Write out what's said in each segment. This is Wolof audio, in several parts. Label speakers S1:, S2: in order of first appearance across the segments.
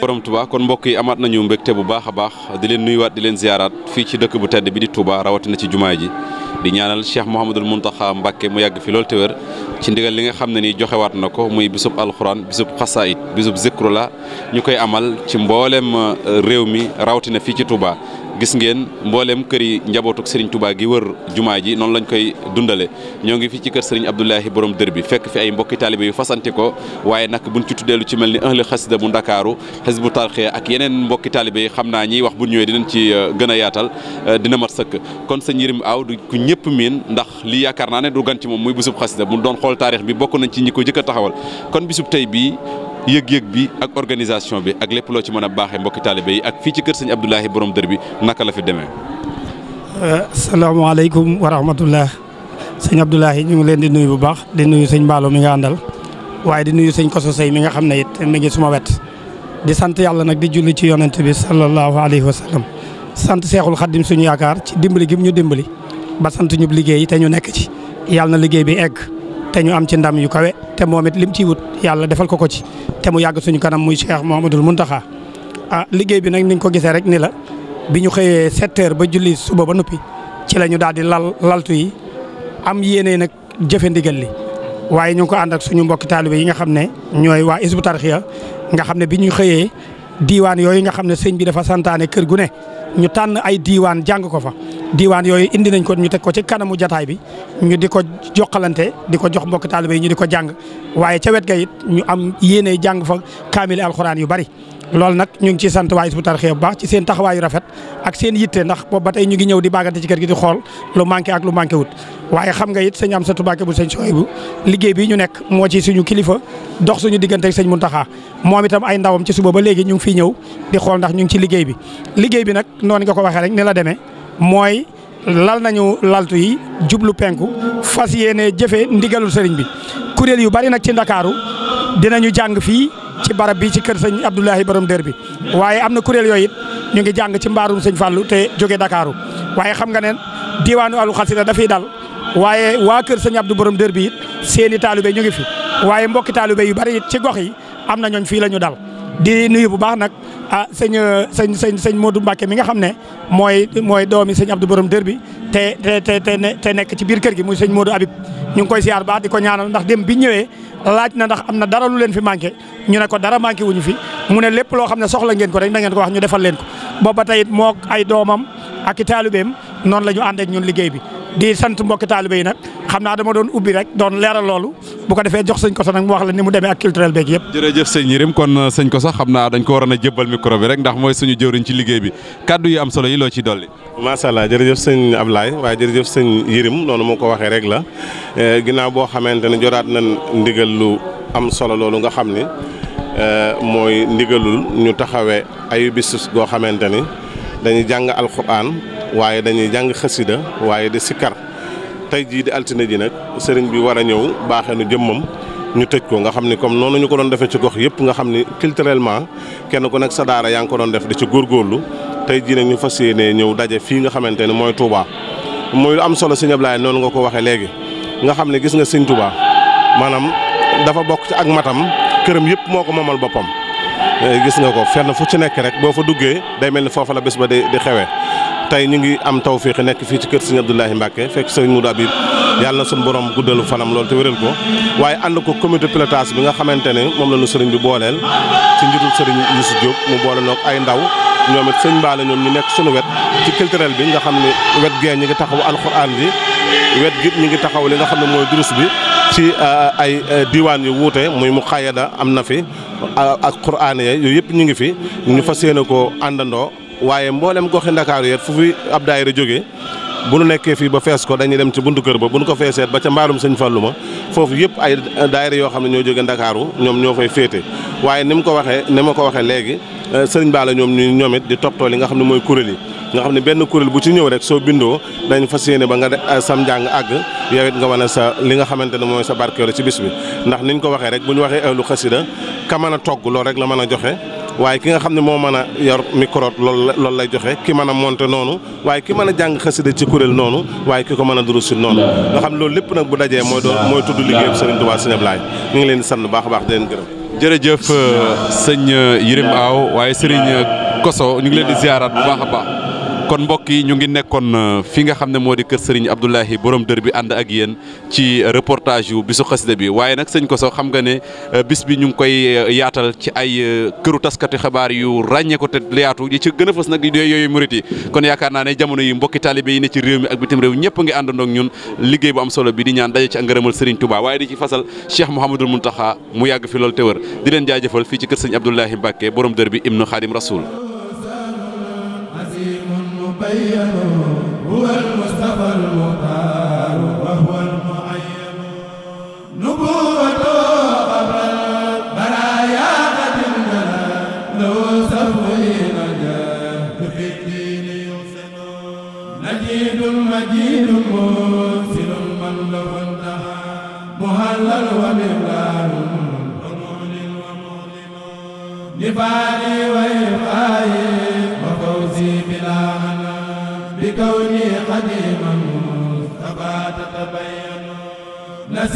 S1: borom tubaa kon mbokk yi amaat nañu mbégte bu baax a baax di leen nuyuwaat di leen ziyaaraat fii ci dëkk bu tedd bi di tubaa rawatina ci jumaa ji di ñaanal Cheikh Mouhamadul Mountakha Mbacké mu yàgg fi loolu te wér ci ndigal li nga xam ne joxe waat na ko muy bisub alxuraan bisub xasaayit bisub zikru la ñu koy amal ci mboolem euh, réew mi rawatina fii ci tubaa gis ngeen mbooleem kër yi njabootuk Serigne Touba gi wër jumaa ji noonu lañ koy dundale ñoo ngi fi ci kër Serigne Abdoulahi borom dër bi fekk fi ay mbokki taalibe yu fasante ko waaye nag buñ ci tuddeelu ci mel ni ahli xasida bu ndakaaru xisbu tarxiya ak yeneen mbokki taalibe yi xam naa ñiy wax bu ñëwee dinañ ci euh, gën a yaatal euh, dina mat sëkk kon sëñ Yërim Aw du ku ñëpp miin ndax li yaakaar naa ne du gan ci moom muy bisub xasida bu doon xool taarix bi bokk nañ ci ñi ko jëkk a yëg-yëg bi ak organisation bi ak lépp loo ci mën a baaxee mbokki taalibe yi ak fii ci kër sëñ Abdoulahi borom dër bi naka la fi demee.
S2: Euh, salaamaaleykum wa rahmatullah sëñ Abdoulahi ñu ngi leen di nuyu bu baax di nuyu sëñ Mballo mi nga àndal waaye di nuyu sëñ Koso Sey mi nga xam ne it mi ngi suma wet di sant yàlla nag di julli ci yonent bi sallallahu alayhi wa sallam sant seexul xaddim suñu yaakaar ci dimbali gi ñu dimbali ba sant ñu liggéey te ñu nekk ci yàlla na liggéey bi te ñu am ci ndam yu kawe te moom it lim ciy wut yàlla defal ko ko ci te mu yàgg suñu kanam muy Cheikh Mouhamadoul taxa ah liggéey bi nag ni ko gisee rek ni la bi ñu xëyee 7 ba julli suba ba noppi ci la ñu daal di lal laltu yi am yéene nag jëfe ndigal li waaye ñu ngi ko ànd suñu mbokki taalibe yi nga xam ne ñooy waa Hizbut Tarqiyyah nga xam ne bi ñu xëyee diiwaan yooyu nga xam ne sëñ bi dafa santaane kër gu ne ñu tànn ay diiwaan jàng ko fa diwaan yooyu indi nañ ko ñu teg ko ci kanamu jataay bi ñu di ko jokkalante di ko jox mbokk taalibe yi ñu di ko jàng waaye ca wet ga it ñu am yéene jàng fa kaamil alxuraan yu bari. loolu nag ñu ngi ciy sant waa Hizbut Tarqiyyah bu baax ci seen taxawaayu rafet ak seen yitte ndax boobu ba tey ñu ngi ñëw di baagante ci kër gi di xool lu manqué ak lu manqué wut waaye xam nga it sëñ Amsatou Mbacké bu sëñ Souhaïbou liggéey bi ñu nekk moo ci suñu kilifa dox suñu diggante ak sëñ Mountakha moom itam ay ndawam ci suba ba léegi ñu ngi fiy ñëw di xool ndax ñu ngi ci liggéey bi liggéey bi nag noonu nga ko waxee rek ni la demee mooy lal nañu laltu yi jublu penku fas yéene jëfe ndigalul sëriñ bi kuréel yu bari nag ci ndakaaru ñu jàng fii ci barab bi ci kër sëñ Abdoulahi borom dër bi waaye am na kuréel yooyu it ñu ngi jàng ci mbaarum sëñ Fallou te jóge ndakaaru waaye xam nga ne diwaanu alu xasida dafay dal waaye waa kër sëñ Abdou borom dër bi it seeni taalibe ñu ngi fi waaye mbokki taalibe yu bari it ci gox yi am na ñooñ fii la ñu dal di nuyu bu baax nag ah sëñ euh, sëñ sëñ sëñ Modou Mbacke mi nga xam ne mooy mooy doomi sëñ Abdou Borom dër bi te te te te nekk ci biir kër gi muy sëñ Modou Habib ñu ngi koy siyaar baax di ko ñaanal ndax dem bi ñëwee laaj na ndax am na dara lu leen fi manqué ñu ne ko dara manqué wuñu fi mu ne lépp loo xam ne soxla ngeen ko rek na ngeen ko wax ñu defal leen ko booba tey it mook ay doomam ak i taalubeem noonu la ñu ànd ak ñun liggéey bi di sant mbokki taalibe yi nag xam naa dama doon ubbi rek doon leeral loolu bu ko defee jox sëñ Koso nag mu wax la ni mu demee ak culturel beeg yëpp.
S1: jërëjëf sëñ Yirim kon sëñ Koso xam na dañ ko waroon a jébbal micro bi rek ndax mooy suñu jëwriñ ci liggéey bi kàddu yi am solo yi loo ciy dolli.
S3: macha allah jërëjëf sëñ Ablaye waaye jërëjëf sëñ Yirim noonu moo ko waxee rek la eh, ginnaaw boo xamante ne jotaat nañ ndigal lu am solo loolu nga xam ni eh, mooy ndigalul ñu taxawee ayu bis goo xamante ni dañuy jàng alquran waaye dañuy jàng xasida waaye di sikkar tey jii di altine ji nag sëriñ bi war a ñëw baaxee nu jëmmam ñu tëj ko nga xam ni comme noonu ñu ko doon defee ci gox yëpp nga xam ni culturellement kenn ku nekk sa daara yaa ngi ko doon def di ci góorgóorlu tey jii nag ñu fas yéenee ñëw daje fii nga xamante ne mooy Touba. mooy lu am solo sëñ Ablaye noonu nga ko waxee léegi nga xam ne gis nga sëñ Touba maanaam dafa bokk ci ak matam këram yëpp moo ko moomal boppam. Eh, gis nga ko fenn fu ci nekk rek boo fa duggee day mel ni foofa la bés ba di di xewee tey ñu ngi am tawféex nekk fii ci kër Serigne Abdoulahi Mbacke fekk Serigne Moudou Habib yàlla na suñu borom guddalu fanam loolu te wéral ko waaye ànd ko comité pilotage bi nga xamante ne moom la ñu Serigne bi booleel ci njiitul Serigne Youssou Diop mu boole noog ay ndaw ñoom it sëñ Mbaale ñoom ñu nekk suñu wet ci culturel bi nga xam ne wet gee ñi ngi taxaw alxuraan bi wet gi ñi ngi taxaw li nga xam ne mooy durus bi ci euh, ay euh, diwaan yu wuute muy mu xayada am na fi euh, ak quraan yooyu yëpp ñu ngi fi ñu fas yéene ko àndandoo waaye mboolem goxi ndakaaru yet fu fi ab daayira jógee bu nu nekkee fii ba fees ko dañuy dem ci buntu kër ba bu nu ko feeseet ba ca mbaarum sëñ Fallu ma foofu yëpp ay daayira yoo xam ne ñoo jóge ndakaaru ñoom ñoo fay féete waaye ni mu ko waxee ni ma ko waxee léegi euh, sëriñ Balla ñoom ñu ñoom di toppatoo li nga xam ne mooy kuréel yi nga xam ne benn kuréel bu ci ñëw rek soo bindoo dañ fas yéene ba nga euh, sam njàng àgg yow it nga wane sa li nga xamante ne mooy sa barkeelu ci bis bi ndax niñ ko waxee rek bu ñu waxee ahlu xasida ka mën a togg rek la mën a joxe waaye ki nga xam ne moo mën a yor lool loolu loolu lay joxe ki mën a monter noonu waaye ki mën a jàng xasida ci kuréel noonu waaye ki ko mën a durusit noonu nga xam loolu lépp nag bu dajee mooy doon mooy tudd liggéeyu Serigne Touba Serigne Ablaye ñu ngi leen di sant baax a baax di leen gërëm.
S1: jërëjëf sëñ Yirim Aw waaye Serigne Koso ñu ngi leen di ziaraat bu baax a baax. kon mbokk yi ñu ngi nekkoon euh, fi nga xam ne moo di kër Serigne Abdoulahi borom dër bi ànd ak yéen ci euh, reportage yu bisu xasida bi waaye nag sëñ soo xam nga ne euh, bis bi ñu ngi koy yaatal ci ay këru taskati xabaar yu ràññee ko te yaatu yi ci gën a fës nag yooyu murit yi kon yaakaar naa ne jamono yi mbokki taalibé yi ne ci réew mi ak bitim réew ñëpp ngi àndandoo ak ñun liggéey bu am solo bi di ñaan daje ci ngërëmal Serigne Touba waaye di ci fasal mu yàgg fi loolu te wër leen jaajëfal fii ci kër Serigne Abdoulahi borom dër bi ibnu Xaadim Rasul
S4: بينوا هو المصطفى المختار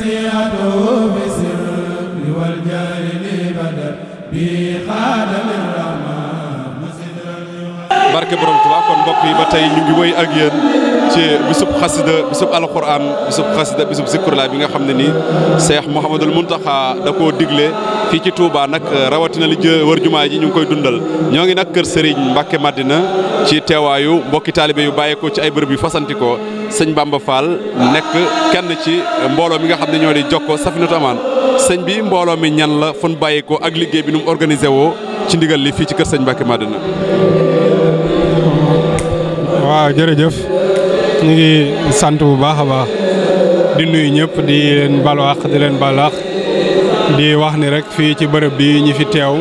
S4: وسعته بسر والجار لبدر بخادم الرحمن
S1: barke borom Tuubaa kon mbokk yi ba tey ñu ngi wëy ak yéen ci bisub xasida bisub alquran bisub xasida bisub zikrullah bi nga xam ne nii Cheikh Mouhamadul Mountakha da koo digle fii ci Touba nag euh, rawatina li jë wër jumaa ji ñu ngi koy dundal ñoo ngi nag kër Serigne Mbacke Madina ci teewaayu mbokki taalibe yu bàyyeekoo ci ay bërëb yu fasantikoo sëñ Bamba Fall nekk kenn ci mbooloo mi nga xam ne ñoo di jokkoo Safinatu Amaan sëñ bi mbooloo mi ñan la fun bàyyeekoo ak liggéey bi nu mu organisé woo ci ndigal li fii ci kër sëñ Mbacke Madina
S5: waaw jërëjëf ñu ngi sant bu baax a baax di nuyu ñëpp di leen balu di leen balu di wax ni rek fii ci bërëb bi ñi fi teew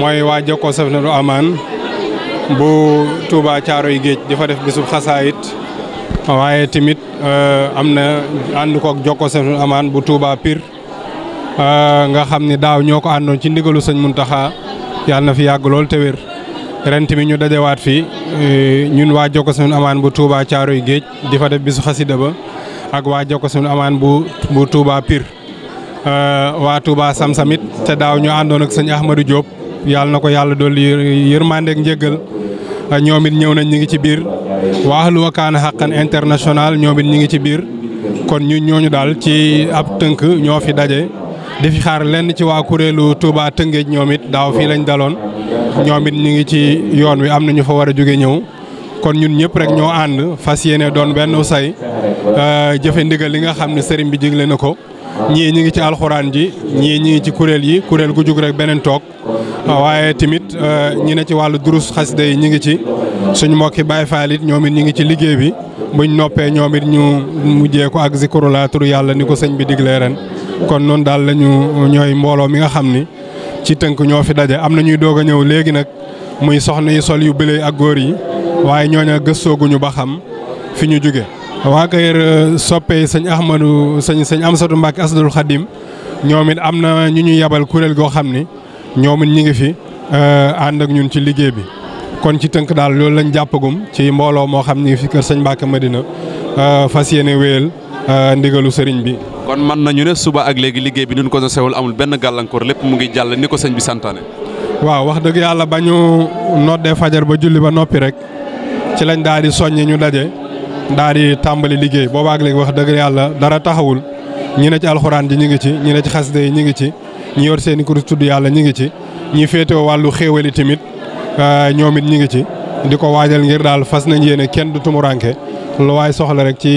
S5: mooy waa Jokkoo Safinatoul Amaan bu caaro yi Géej di fa def bisub xasaayit waaye tamit eh, am na ànd kook Jokkoo Safinatoul Amaan bu Touba Pire eh, nga xam ni daaw ñoo ko àndoon ci ndigalu sëñ Muntaxa yàlla na fi yàgg loolu te wér ren tamit ñu dajawaat fii eh, ñun waa Jokko sunu amaan bu Touba Caaroy Géej di fa def bisu xasida ba ak waa Jokko sunu amaan bu bu piir Pire. Eh, waa Touba Sam te daaw ñu àndoon ak sëñ Ahmadou Diop yàlla na ko yàlla dolli yërmande ak njëggal eh, ñoom it ñëw nañ ñu ngi ci biir waa ahlu wakaana xaqan international ñoom it ñu ngi ci biir. kon ñu ñooñu daal ci ab tënk ñoo fi daje di fi xaar lenn ci waa kuréelu Touba Tëngéej ñoom it daaw fii lañ daloon. ñoom it ñu ngi ci yoon wi am na ñu fa war a jóge ñëw kon ñun ñëpp rek ñoo ànd fas yéene doon benn say euh, jëfe ndigal li nga xam ne sëriñ bi digle na ko ñii ñi ngi ci alxuraan ji ñii ñi ci kuréel yi kuréel gu jug rek beneen toog waaye tamit euh, ñi ne ci wàllu durus xasida yi ñi ngi ci suñ mbokki Baay Faal it ñoom it ñi ngi ci liggéey bi buñ noppee ñoom it ñu mujjee ko ak zikurulaa turu yàlla ni ko sëñ bi diglee ren kon noonu daal lañu ñooy mbooloo mi nga xam ni ci tënk ñoo fi daje am na ñuy doog a ñëw léegi nag muy soxna yi sol yu bële ak góor yi waaye ñooña gëstooguñu ba xam fi ñu jóge waa kër euh, soppe sëñ Ahmadou sëñ sëñ Amsatu Mbàkke Asadul Xadim ñoom it am na ñu ñu yabal kuréel goo xam ni ñoom it ñu ngi fi euh, ànd ak ñun ci liggéey bi. kon ci tënk daal loolu lañ jàppagum ci mbooloo moo xam ni fi kër sëñ Mbàkke Madina euh, fas yéene wéyal ndigalu sëriñ bi.
S1: kon mën nañu ne suba ak léegi liggéey bi nun ko sosewul amul benn gàllankoor lépp mu ngi jàll ni ko sëñ bi santaane.
S5: waaw wax dëgg yàlla ba ñu noddee fajar ba julli ba noppi rek ci lañ daal di soññi ñu daje daal di tàmbali liggéey booba ak léegi wax dëgg yàlla dara taxawul ñi ne ci alxuraan ji ñu ngi ci ñi ne ci xasida yi ñu ngi ci ñi yor seeni i kurus tudd yàlla ñu ngi ci ñi féetewoo wàllu xéewal yi tamit euh, ñoom it ñu ngi ci di ko waajal ngir daal fas nañ yéene kenn du tumuranke lu waay soxla rek ci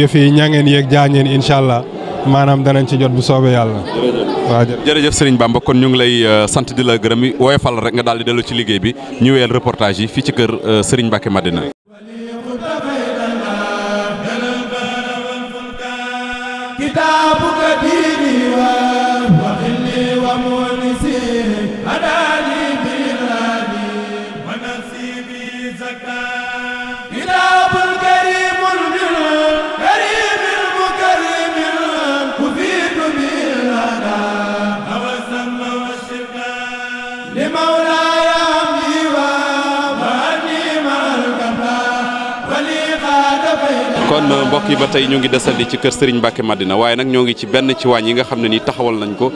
S5: yëf yi ñangeen yeeg jaañeen incha allah maanaam danañ ci jot bu soobee yàlla.
S1: waaw jërëjëf sëriñ Bamba kon ñu ngi lay euh, sant di la gërëm woyofal rek nga daal di dellu ci liggéey bi ñu wéyal reportage yi fii ci kër euh, Serigne Mbacké Madina.
S4: kitaabu
S1: Euh, mbokk yi ba tey ñoo ngi desandi ci kër Serigne Mbacke Madina waaye nag ñoo ngi ci benn ci waañ yi nga xam ne nii taxawal nañ ko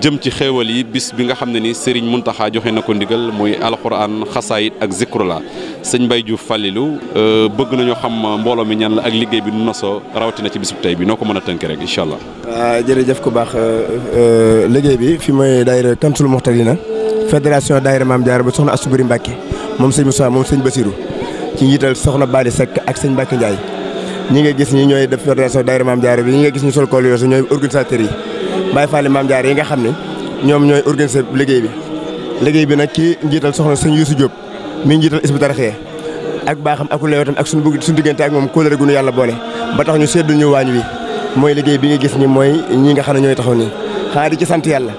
S1: jëm ci xéewal yi bis bi nga xam ne ni nii mun Mountakha joxe na ko ndigal muy alxuraan xasaayit ak zikrula sëñ Mbaye Diouf Fallilou euh, bëgg nañoo xam mbooloo mi ñan la ak liggéey bi nasoo rawatina ci bisub tey bi noo ko mën a tënk rek incha allah.
S6: waaw jërëjëf ku baax euh, liggéey bi fi mooy daayira Kansul Muxtarina fédération daayira Maam Diarra ba soxna Asubiri Mbacke moom sëñ moom sëñ Basirou ci njiital soxna Bali Seck ak sëñ Mbacke Ndiaye ñi nga gis ñi ñooy def fédération daayira Maam Jaara bi ñi nga gis ñu sol kool yoosu ñooy organisateurs yi Baay Faal Maam Jaara yi nga xam ne ñoom ñooy organiser liggéey bi liggéey bi nag ci njiital soxna sëñ Yuusu Jóob mi njiital Hizbut Tarqiyyah ak baaxam ak leewatam ak suñu bëgg suñu diggante ak moom kóolare gu ñu yàlla boole ba tax ñu seddul ñu waañ wi mooy liggéey bi nga gis ni mooy ñi nga xam ne ñooy taxaw nii xanaa di ci sant yàlla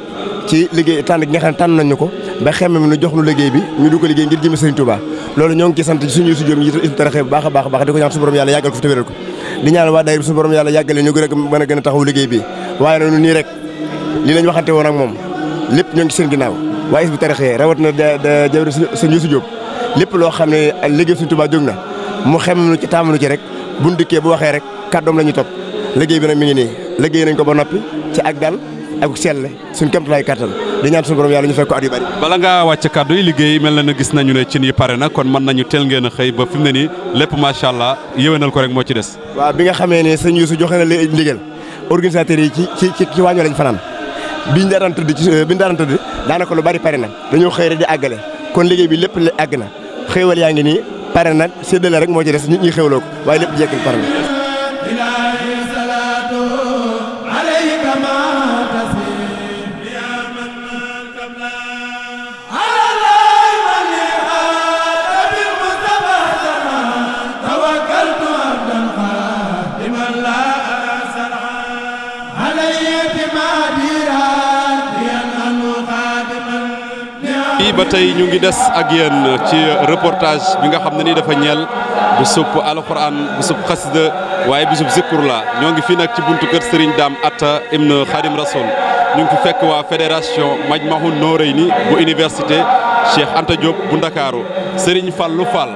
S6: ci liggéey tànn gi nga xam ne tànn nañu ko ba xemme mi nu jox liggéey bi ñu du ko liggéey ngir jëme Sëriñ Tuubaa loolu ñoo ngi ci sant suñu sujjoom yi isu taraxee bu baax a baax baax di ko ñaan suñu yàlla yàggal ko fi tawéral ko di ñaan yàlla yàggalee a a gën a taxaw liggéey bi waaye nag nii rek lii lañ waxante woon ak moom lépp ñoo ngi ci seen ginnaaw waaye is bu taraxee rawat na da jawri suñu sujjoom lépp loo xam ne liggéey suñu Tuubaa jóg na mu xem ci tàmmalu ci rek buñ dikkee bu waxee rek kàddoom la ñuy topp liggéey bi nag mi ngi nii liggéey nañ ko ba noppi ci ak dal ak le suñ kéemtulaay kattan di ñaan suñu borom yàlla ñu fekk ko at yu bari.
S1: bala ngaa wàcc kàddu yi liggéey mel na ne gis nañu ne cin yi pare na kon man nañu teel ngeen a xëy ba fi mu ne nii lépp macha allah yéwénal ko rek moo ci des.
S6: waaw bi nga xamee ne sëñ su joxe na leen ndigal organisateurs yi ci ci ci ci wàññi lañ fanaan bi daan di ci biñ daan tëdd daanaka lu bari pare na dañoo xëy rek di àggale kon liggéey bi lépp la àgg na xéewal yaa ngi nii pare na séddale rek moo ci des ñi xéewloo ko waaye lépp jekk pare na
S1: tey ñu ngi des ak yéen ci reportage bi nga xam ne nii dafa ñeel bisub alxuraan bisub xasida waaye bisub zikkur la ñoo ngi fii nag ci buntu kër Serigne Dame Atta Ibn Khadim Rasoul ñu ngi fi fekk waa fédération Majmahun Noreyni bu université Cheikh Anta Diop bu Ndakaaru Serigne Fallou Fall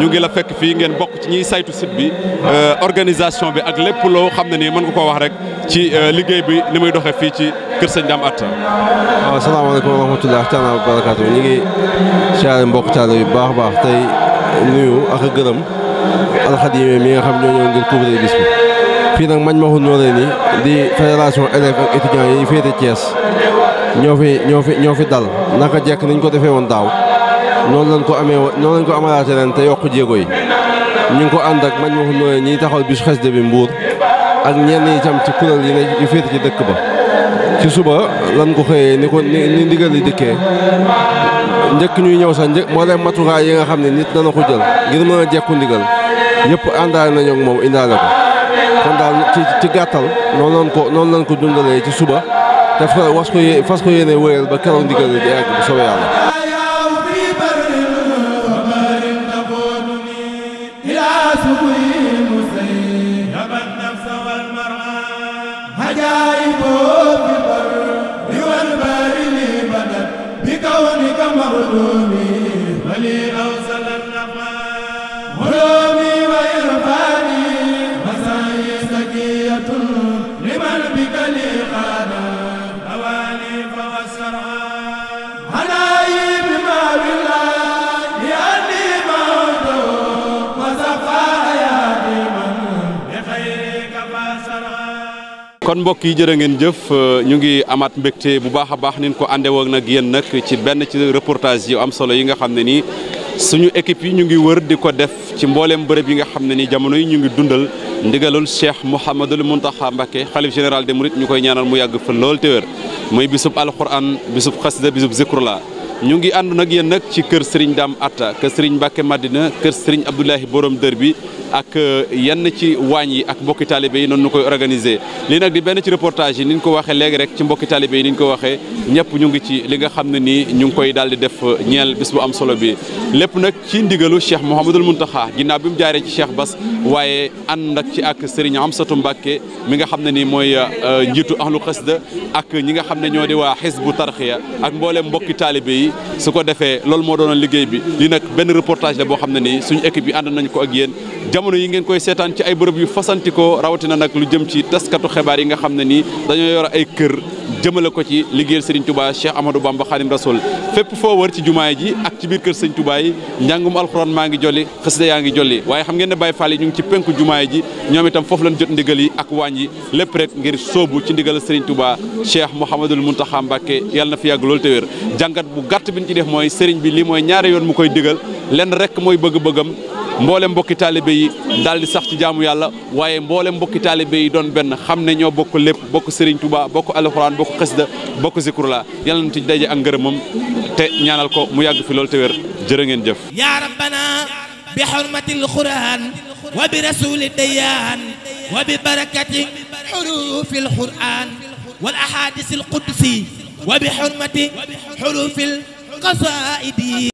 S1: ñu ngi la fekk fii ngeen bokk ci ñiy saytu site bi euh, organisation bi ak lépp loo xam ne nii mën nga koo wax rek ci euh, liggéey bi ni muy doxee fii ci kër sëñ Dame Atta.
S3: waaw salaamaaleykum wa rahmatulah taala wa barakaatu ñu ngi siyaare mbokk taale yu baax baax tey nuyu ak gërëm alxadime mi nga xam ñoo ñëw ngir couvrir bis bi. fii nag mañ ma waxul noonu nii di fédération élèves ak étudiants yi féete Thiès ñoo fi ñoo fi ñoo fi dal naka jekk niñ ko defee woon daaw noonu lañ ko amee noonu lañ ko amalaate ren te yokk jéego yi ñu ngi ko ànd ak mañ ma waxul noonu ñiy taxawal bisu xes de bi Mbour. ak ñenn itam ci kuréel yi ne yu féete ci dëkk ba ci suba lan ko xëyee ni ko ni ndigal yi dikkee njëkk ñuy ñëw sax njëkk moo leen matukaay yi nga xam ne nit dana ko jël ngir mën a jekku ndigal yëpp àndaale nañu ak moom indaale ko kon daal ci ci gàttal noonu lañ ko noonu lañ ko dundalee ci suba te fas ko fas ko yéene wéyal ba keroog ndigal li di àgg bu yàlla
S1: kon mbokk yi jërë ngeen jëf euh, ñu ngi amaat mbégte bu baax a baax nin ko ànde woon nag yéen nag ci benn ci reportage yu am solo yi nga xam ne nii suñu équipe yi ñu ngi wër di ko def ci mbooleem bërëb yi nga xam ne nii jamono yi ñu ngi dundal ndigalul Cheikh Mouhamadul Mountakha Mbacké xalif général des Mourides ñu koy ñaanal mu yàgg fa lool te wér mooy bisub alquran bisub xasida bisub zikrullah ñu ngi ànd nag yéen nag ci kër Serigne Dame Atta kër Serigne Mbacke Madina kër Serigne Abdoulahi borom dër bi ak euh, yenn ci waañ yi ak mbokki taalibé yi noonu ñu koy organisé li nag di benn ci reportage yi ni ñu ko waxee léegi rek ci mbokki taalibé yi ni ñu ko waxee ñëpp ñu ngi ci li nga xam ne nii ñu ngi koy daal di def euh, ñeel bis bu am solo bi lépp nag ci ndigalu Cheikh Mouhamadul Mountakha ginnaaw bi mu jaaree ci Cheikh Bass waaye ànd ak ci ak Serigne Amsatou Mbacke mi nga xam ne nii mooy euh, njiitu ahlu xasida ne ñoo di waa bu xisbu tarxiya ak mbooleem mbokki taalibe yi su ko defee loolu moo doonoon liggéey bi lii nag benn reportage la boo xam ne nii suñu équipe yi ànd nañ ko ak yéen jamono yi ngeen koy seetaan ci ay bërëb yu fasantikoo rawatina nag lu jëm ci teskatu xibaar yi nga xam ne nii dañoo yor ay kër jëmale ko ci liggéeyal Serigne Touba Cheikh Amadou Bamba Khadim Rasoul fépp foo wër ci jumaa ji ak ci biir kër Serigne Touba yi njàngum alxuraan maa ngi jolli xasida yaa ngi jolli waaye xam ngeen ne Baye Fall yi ñu ngi ci penku jumaa ji ñoom itam foofu lañ jot ndigal yi ak waañ yi lépp rek ngir soobu ci ndigal Serigne Touba Cheikh Mouhamadoul Mountakha Mbacké yàlla na fi yàgg loolu te jàngat bu gàtt bi ñu ci def mooy Serigne bi li mooy ñaari yoon mu koy digal lenn rek mooy bëgg-bëggam mboole mbokki taalibe yi daal di sax ci jaamu yàlla waaye mboole mbokki taalibe yi doon benn xam ne ñoo bokk lépp bokk Serigne Touba bokk alxuraan bokk xasida bokk zikrullah yal nañu ci daje ak ngërëmam te ñaanal ko mu yàgg fi loolu te wér jërë ngeen jëf. yaa rabbana
S4: bi xurmatil quraan wa bi rasuli dayaan wa bi barakati xurufil quraan wal ahadisil qudsi wa bi xurmati xurufil qasaidi